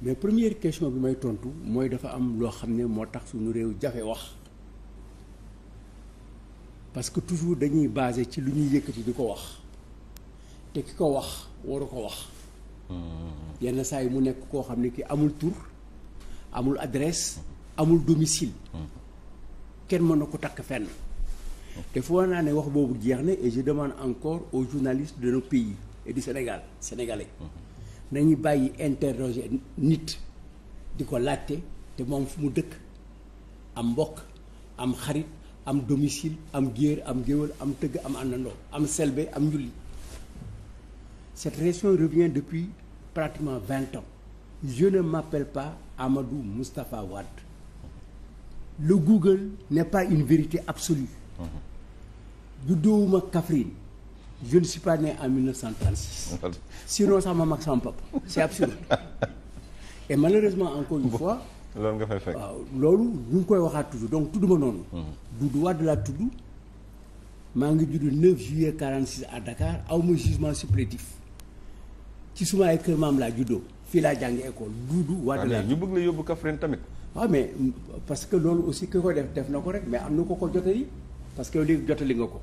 mais première question bi may tontu mooy dafa am loo xam ne moo tax suñu réew jafe wax parce que toujours dañuy basé ci lu ñuy yëkkati du ko wax te ki ko wax waru ko wax. Hmm. yenn saa yi mu nekk koo xam ne ki amul tour amul adresse amul domicile. kenn mën na ko takk fenn. te foo naa ne wax boobu jeex ne et je demande encore au journalistes de nos pays et du Sénégal sénégalais. Hmm. nañu bàyyi interroger nit di ko laajte te moom fu mu dëkk am mbokk am xarit am domicile am géer am géwël am tëgg am àndandoo am selbe am njulli cette région revient depuis pratiquement vingt ans je ne m'appelle pas Amadou Moustapha Wade le Google n'est pas une vérité absolue mhm. juddoowuma Kaffrine je ne suis pas né en 1936. sinon sax ma mag sama papa c'est absurde et malheureusement encore une fois. loolu nga fay loolu ñu koy waxaat toujours donc tudd noonu. Mhm. Doudou Wade laa tudd maa ngi judd 9 juillet 46 à Dakar aw ma jugement supplétif ci suma ay kër maam laa juddoo fii laa jàngi école Doudou Wade laa ah, ñu bëgg la yóbbu Kaffrine tamit. waaw ah, mais parce que loolu aussi ki ko def def na ko rek mais am na ko ko jotali parce que léegi jotali nga ko.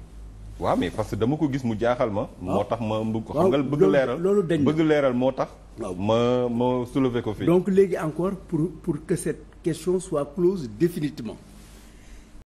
waaw mais parce que dama ko gis mu jaaxal ma. Ah. moo tax ma bëgg ko xam nga bëgg leeral loolu dañ bëgg leeral moo tax. ma ma soulever ko fii. donc léegi encore pour pour que cette question soit close définitivement.